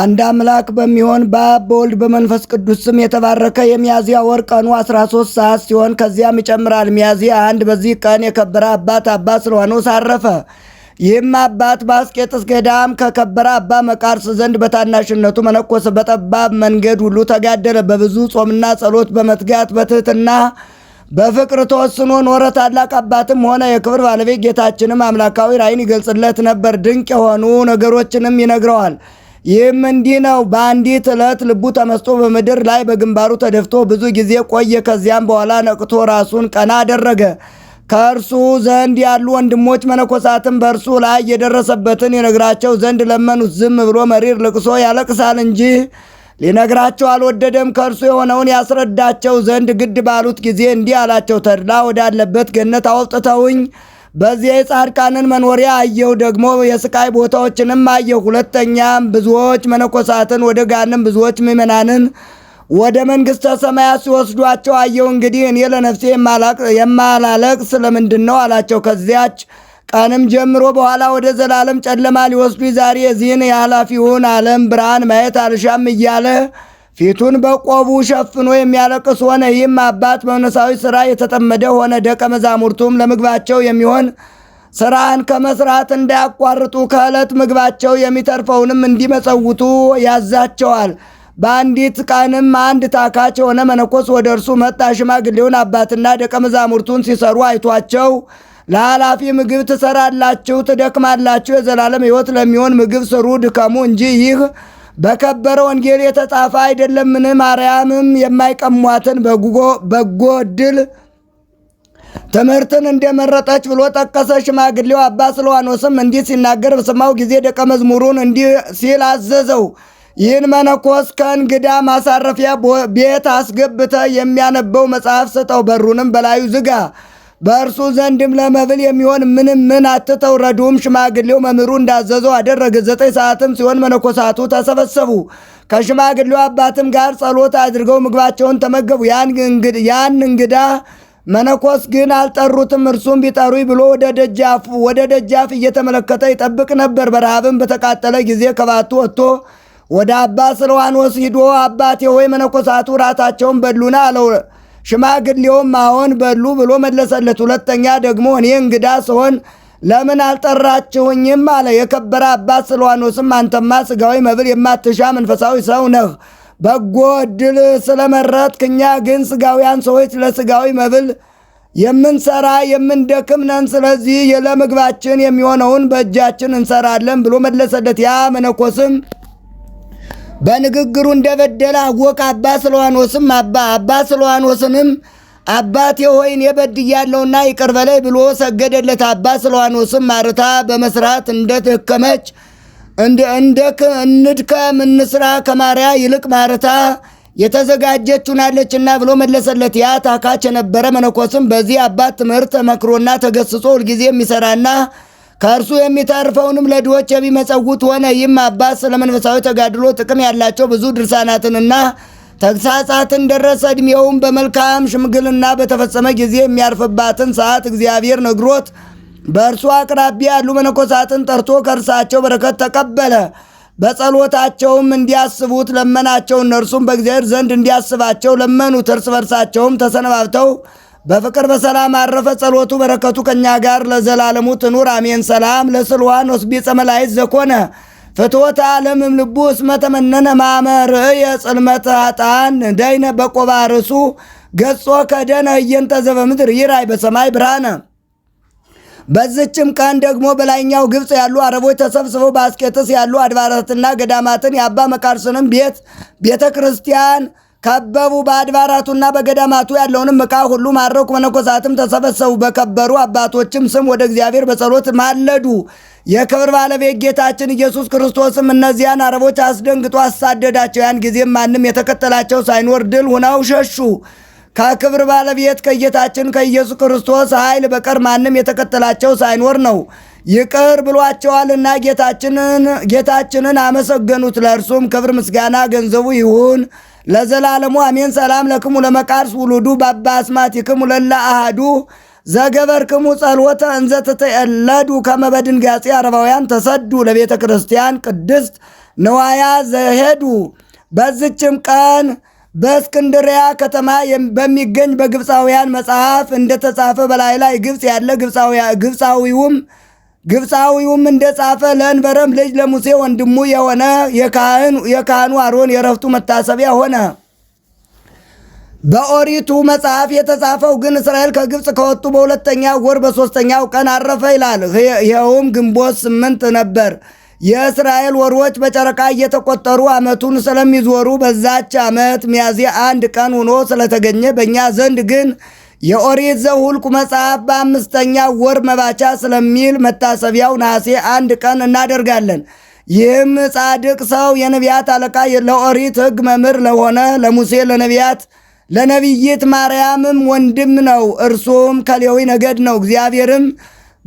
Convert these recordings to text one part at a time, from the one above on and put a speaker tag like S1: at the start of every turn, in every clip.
S1: አንድ አምላክ በሚሆን በአብ በወልድ በመንፈስ ቅዱስ ስም የተባረከ የሚያዝያ ወር ቀኑ 13 ሰዓት ሲሆን ከዚያም ይጨምራል። ሚያዝያ አንድ በዚህ ቀን የከበረ አባት አባ ስልዋኖስ አረፈ። ይህም አባት በአስቄጥስ ገዳም ከከበረ አባ መቃርስ ዘንድ በታናሽነቱ መነኮሰ። በጠባብ መንገድ ሁሉ ተጋደለ። በብዙ ጾምና ጸሎት በመትጋት በትህትና በፍቅር ተወስኖ ኖረ። ታላቅ አባትም ሆነ። የክብር ባለቤት ጌታችንም አምላካዊ ራእይን ይገልጽለት ነበር። ድንቅ የሆኑ ነገሮችንም ይነግረዋል። ይህም እንዲህ ነው። በአንዲት ዕለት ልቡ ተመስጦ በምድር ላይ በግንባሩ ተደፍቶ ብዙ ጊዜ ቆየ። ከዚያም በኋላ ነቅቶ ራሱን ቀና አደረገ። ከእርሱ ዘንድ ያሉ ወንድሞች መነኮሳትም በእርሱ ላይ የደረሰበትን ይነግራቸው ዘንድ ለመኑት። ዝም ብሎ መሪር ልቅሶ ያለቅሳል እንጂ ሊነግራቸው አልወደደም። ከእርሱ የሆነውን ያስረዳቸው ዘንድ ግድ ባሉት ጊዜ እንዲህ አላቸው። ተድላ ወዳለበት ገነት አውጥተውኝ በዚያ የጻድቃንን መኖሪያ አየሁ፣ ደግሞ የስቃይ ቦታዎችንም አየሁ። ሁለተኛም ብዙዎች መነኮሳትን ወደ ጋንም ብዙዎች ምእመናንን ወደ መንግሥተ ሰማያት ሲወስዷቸው አየሁ። እንግዲህ እኔ ለነፍሴ የማላለቅ ስለምንድን ነው አላቸው። ከዚያች ቀንም ጀምሮ በኋላ ወደ ዘላለም ጨለማ ሊወስዱ ዛሬ የዚህን የኃላፊውን ዓለም ብርሃን ማየት አልሻም እያለ ፊቱን በቆቡ ሸፍኖ የሚያለቅስ ሆነ። ይህም አባት በመንፈሳዊ ሥራ የተጠመደ ሆነ። ደቀ መዛሙርቱም ለምግባቸው የሚሆን ሥራን ከመስራት እንዳያቋርጡ ከዕለት ምግባቸው የሚተርፈውንም እንዲመጸውቱ ያዛቸዋል። በአንዲት ቀንም አንድ ታካች የሆነ መነኮስ ወደ እርሱ መጣ። ሽማግሌውን አባትና ደቀ መዛሙርቱን ሲሰሩ አይቷቸው ለኃላፊ ምግብ ትሰራላችሁ፣ ትደክማላችሁ፣ የዘላለም ሕይወት ለሚሆን ምግብ ስሩ፣ ድከሙ እንጂ ይህ በከበረ ወንጌል የተጻፈ አይደለምን? ማርያምም የማይቀሟትን በጎ ዕድል ትምህርትን እንደመረጠች ብሎ ጠቀሰ። ሽማግሌው አባ ስልዋኖስም እንዲህ ሲናገር በሰማው ጊዜ ደቀ መዝሙሩን እንዲህ ሲል አዘዘው። ይህን መነኮስ ከእንግዳ ማሳረፊያ ቤት አስገብተ የሚያነበው መጽሐፍ ስጠው፣ በሩንም በላዩ ዝጋ በእርሱ ዘንድም ለመብል የሚሆን ምንም ምን አትተው። ረዱም ሽማግሌው መምህሩ እንዳዘዘው አደረገ። ዘጠኝ ሰዓትም ሲሆን መነኮሳቱ ተሰበሰቡ። ከሽማግሌው አባትም ጋር ጸሎት አድርገው ምግባቸውን ተመገቡ። ያን እንግዳ መነኮስ ግን አልጠሩትም። እርሱም ቢጠሩኝ ብሎ ወደ ደጃፍ ወደ ደጃፍ እየተመለከተ ይጠብቅ ነበር። በረሃብም በተቃጠለ ጊዜ ከባቱ ወጥቶ ወደ አባ ስለዋን ሂዶ አባቴ ሆይ መነኮሳቱ ራታቸውን በሉና አለው። ሽማግሌውም አዎን በሉ ብሎ መለሰለት። ሁለተኛ ደግሞ እኔ እንግዳ ስሆን ለምን አልጠራችሁኝም አለ። የከበረ አባት ስልዋኖስም አንተማ ስጋዊ መብል የማትሻ መንፈሳዊ ሰው ነህ፣ በጎ እድል ስለመረጥክ፣ እኛ ግን ስጋውያን ሰዎች ለስጋዊ መብል የምንሰራ የምንደክም ነን። ስለዚህ ለምግባችን የሚሆነውን በእጃችን እንሰራለን ብሎ መለሰለት። ያ መነኮስም በንግግሩ እንደበደለ አወቀ። አባ ስልዋኖስም አባ አባ ስልዋኖስንም አባቴ ሆይ እኔ በድያለሁና ይቅር በለኝ ብሎ ሰገደለት። አባ ስልዋኖስም ማርታ በመስራት እንደተከመች እንደደከመች እንድከም እንስራ ከማርያ ይልቅ ማርታ የተዘጋጀች ሆናለችና ብሎ መለሰለት። ያ ታካች የነበረ መነኮስም በዚህ አባት ትምህርት ተመክሮና ተገስጾ ሁልጊዜ የሚሰራና ከእርሱ የሚተርፈውንም ለድሆች የሚመጸውት ሆነ። ይህም አባት ስለ መንፈሳዊ ተጋድሎ ጥቅም ያላቸው ብዙ ድርሳናትንና ተግሳጻትን ደረሰ። እድሜውም በመልካም ሽምግልና በተፈጸመ ጊዜ የሚያርፍባትን ሰዓት እግዚአብሔር ነግሮት በእርሱ አቅራቢያ ያሉ መነኮሳትን ጠርቶ ከእርሳቸው በረከት ተቀበለ። በጸሎታቸውም እንዲያስቡት ለመናቸው። እነርሱም በእግዚአብሔር ዘንድ እንዲያስባቸው ለመኑት። እርስ በርሳቸውም ተሰነባብተው በፍቅር በሰላም አረፈ። ጸሎቱ በረከቱ ከእኛ ጋር ለዘላለሙ ትኑር አሜን። ሰላም ለስልዋን ወስቢጸ መላእክት ዘኮነ ፍትወተ ዓለም ልቡ እስመ ተመነነ ማመር የጽልመት አጣን ደይነ በቆባ ርሱ ገጾ ከደነ እየንተ ዘበምድር ይራይ በሰማይ ብርሃነ። በዝችም ቀን ደግሞ በላይኛው ግብፅ ያሉ አረቦች ተሰብስበው በአስቄጥስ ያሉ አድባራትና ገዳማትን የአባ መቃርስንም ቤት ቤተ ክርስቲያን ከበቡ። በአድባራቱና በገዳማቱ ያለውንም ዕቃ ሁሉ ማረኩ። መነኮሳትም ተሰበሰቡ፣ በከበሩ አባቶችም ስም ወደ እግዚአብሔር በጸሎት ማለዱ። የክብር ባለቤት ጌታችን ኢየሱስ ክርስቶስም እነዚያን አረቦች አስደንግጦ አሳደዳቸው። ያን ጊዜም ማንም የተከተላቸው ሳይኖር ድል ሁነው ሸሹ። ከክብር ባለቤት ከጌታችን ከኢየሱስ ክርስቶስ ኃይል በቀር ማንም የተከተላቸው ሳይኖር ነው። ይቅር ብሏቸዋልና ጌታችንን ጌታችንን አመሰገኑት። ለእርሱም ክብር ምስጋና ገንዘቡ ይሁን። ለዘላለሙ አሜን። ሰላም ለክሙ ለመቃርስ ውሉዱ ባባ ክሙ ለላ ዘገበር ክሙ ጸልወተ እንዘተተየለዱ ከመበድን ከመ አረባውያን ተሰዱ ለቤተ ክርስቲያን ቅድስት ነዋያ ዘሄዱ። በዝችም ቀን በእስክንድሪያ ከተማ በሚገኝ በግብፃውያን መጽሐፍ እንደተጻፈ በላይ ላይ ግብፅ ያለ ግብፃዊውም ግብፃዊውም እንደ ጻፈ ለእንበረም ልጅ ለሙሴ ወንድሙ የሆነ የካህኑ አሮን የረፍቱ መታሰቢያ ሆነ። በኦሪቱ መጽሐፍ የተጻፈው ግን እስራኤል ከግብፅ ከወጡ በሁለተኛ ወር በሦስተኛው ቀን አረፈ ይላል። ይኸውም ግንቦት ስምንት ነበር። የእስራኤል ወሮች በጨረቃ እየተቆጠሩ ዓመቱን ስለሚዞሩ በዛች ዓመት ሚያዝያ አንድ ቀን ሆኖ ስለተገኘ በእኛ ዘንድ ግን የኦሪት ዘኍልቍ መጽሐፍ በአምስተኛ ወር መባቻ ስለሚል መታሰቢያው ነሐሴ አንድ ቀን እናደርጋለን። ይህም ጻድቅ ሰው የነቢያት አለቃ ለኦሪት ሕግ መምህር ለሆነ ለሙሴ ለነቢያት ለነቢይት ማርያምም ወንድም ነው። እርሱም ከሌዊ ነገድ ነው። እግዚአብሔርም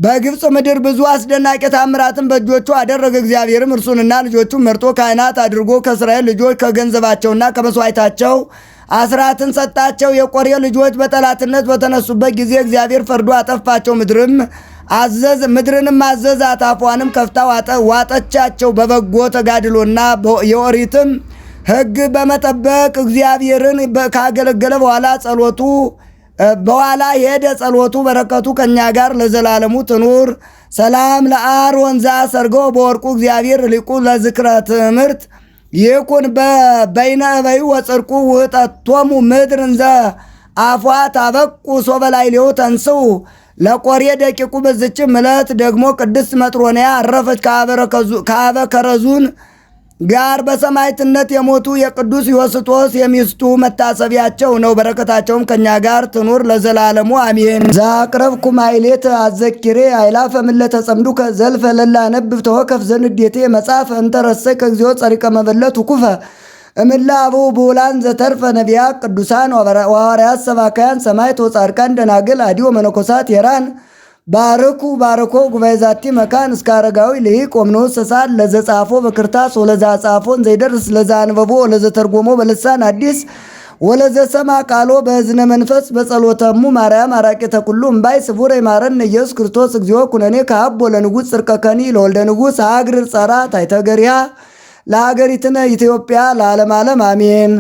S1: በግብፅ ምድር ብዙ አስደናቂ ታምራትን በእጆቹ አደረገ። እግዚአብሔርም እርሱንና ልጆቹን መርጦ ካህናት አድርጎ ከእስራኤል ልጆች ከገንዘባቸውና ከመሥዋዕታቸው አስራትን ሰጣቸው። የቆሬ ልጆች በጠላትነት በተነሱበት ጊዜ እግዚአብሔር ፈርዶ አጠፋቸው። ምድርም አዘዝ ምድርንም አዘዛት፣ አፏንም ከፍታ ዋጠቻቸው። በበጎ ተጋድሎና የኦሪትም ሕግ በመጠበቅ እግዚአብሔርን ካገለገለ በኋላ ጸሎቱ በኋላ የሄደ ጸሎቱ በረከቱ ከእኛ ጋር ለዘላለሙ ትኑር። ሰላም ለአር ወንዛ ሰርጎ በወርቁ እግዚአብሔር ሊቁ ለዝክረ ትምህርት ይኩን በይነ እበዩ ወፅርቁ ውህጠቶሙ ምድር እንዘ አፏ ታበቁ ሶበላይ ሊው ተንስኡ ለቆሬ ደቂቁ። በዝችም ዕለት ደግሞ ቅድስት መጥሮንያ አረፈች ከአበ ከረዙን ጋር በሰማዕትነት የሞቱ የቅዱስ ዮስጦስ የሚስቱ መታሰቢያቸው ነው። በረከታቸውም ከእኛ ጋር ትኑር ለዘላለሙ አሜን። ዛቅረብኩ ማይሌት አዘኪሬ አይላፈ ምለተ ተጸምዱ ከዘልፈ ለላ ነብብ ተወከፍ ዘንዴቴ መጽሐፍ እንተረሰይ እግዚኦ ጸሪቀ መበለት ኩፈ እምላ አቡ ቡላን ዘተርፈ ነቢያ ቅዱሳን ወሐዋርያት ሰባካያን ሰማዕት ወጻድቃን ደናግል አዲዮ መነኮሳት የራን ባርኩ ባርኮ ጉባኤ ዛቲ መካን እስከ አረጋዊ ልሂቅ ወምኖስ ሰሳል ለዘጻፎ በክርታስ ወለዛ ጻፎን ዘይደርስ ለዛ አንበቦ ወለዘ በልሳን አዲስ ወለዘ ሰማ ቃሎ በእዝነ መንፈስ በጸሎተሙ ማርያም አራቂ ተኩሉ እምባይ ስቡር ይማረን ኢየሱስ ክርስቶስ እግዚኦ ኩነኔ ከአብ ወለንጉሥ ጽርቀከኒ ለወልደ ንጉሥ አግርር ጸራ ታይተገሪያ ለሀገሪትነ ኢትዮጵያ ለዓለም ዓለም አሜን።